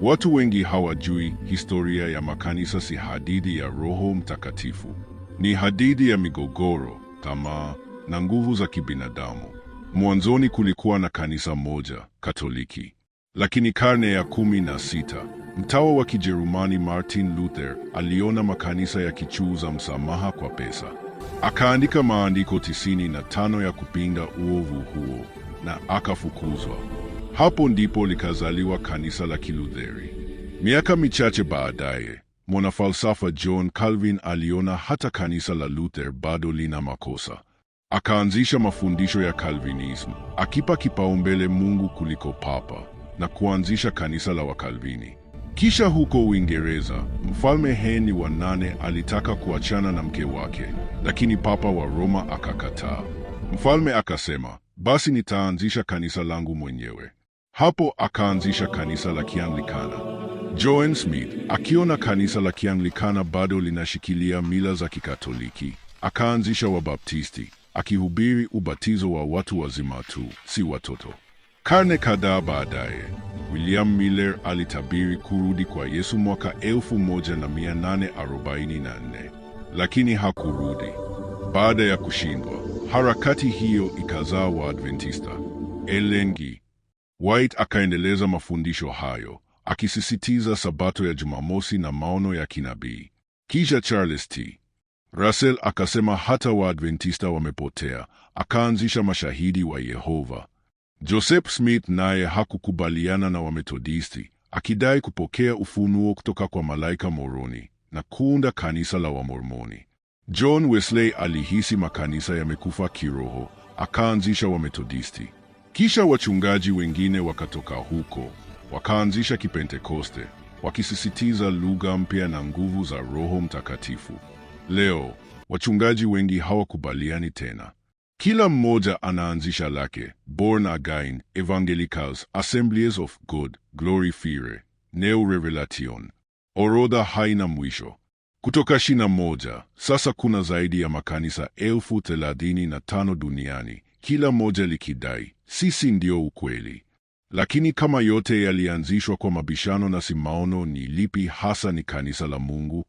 Watu wengi hawajui historia ya makanisa si hadithi ya Roho Mtakatifu, ni hadithi ya migogoro, tamaa na nguvu za kibinadamu. Mwanzoni kulikuwa na kanisa moja Katoliki, lakini karne ya kumi na sita mtawa wa Kijerumani Martin Luther aliona makanisa yakichuuza msamaha kwa pesa. Akaandika maandiko tisini na tano ya kupinga uovu huo na akafukuzwa. Hapo ndipo likazaliwa kanisa la Kilutheri. Miaka michache baadaye, mwanafalsafa John Calvin aliona hata kanisa la Luther bado lina makosa. Akaanzisha mafundisho ya Calvinism, akipa kipaumbele Mungu kuliko papa na kuanzisha kanisa la Wakalvini. Kisha huko Uingereza, Mfalme Henry wa nane alitaka kuachana na mke wake, lakini papa wa Roma akakataa. Mfalme akasema, basi nitaanzisha kanisa langu mwenyewe. Hapo akaanzisha kanisa la Kianglikana. Joan Smith akiona kanisa la Kianglikana bado linashikilia mila za Kikatoliki, akaanzisha Wabaptisti, akihubiri ubatizo wa watu wazima tu, si watoto. Karne kadhaa baadaye, William Miller alitabiri kurudi kwa Yesu mwaka 1844, lakini hakurudi. Baada ya kushindwa, harakati hiyo ikazaa Waadventista. Ellen G. White akaendeleza mafundisho hayo akisisitiza sabato ya Jumamosi na maono ya kinabii. Kisha Charles T. Russell akasema hata Waadventista wamepotea, akaanzisha Mashahidi wa Yehova. Joseph Smith naye hakukubaliana na Wamethodisti, akidai kupokea ufunuo kutoka kwa malaika Moroni na kuunda kanisa la Wamormoni. John Wesley alihisi makanisa yamekufa kiroho, akaanzisha Wamethodisti. Kisha wachungaji wengine wakatoka huko, wakaanzisha Kipentekoste, wakisisitiza lugha mpya na nguvu za Roho Mtakatifu. Leo wachungaji wengi hawakubaliani tena. Kila mmoja anaanzisha lake: Born Again, Evangelicals, Assemblies of God, Glory Fire, Neo Revelation. Orodha haina mwisho. Kutoka shina moja, sasa kuna zaidi ya makanisa elfu thelathini na tano duniani, kila moja likidai sisi ndio ukweli. Lakini kama yote yalianzishwa kwa mabishano na si maono, ni lipi hasa ni kanisa la Mungu?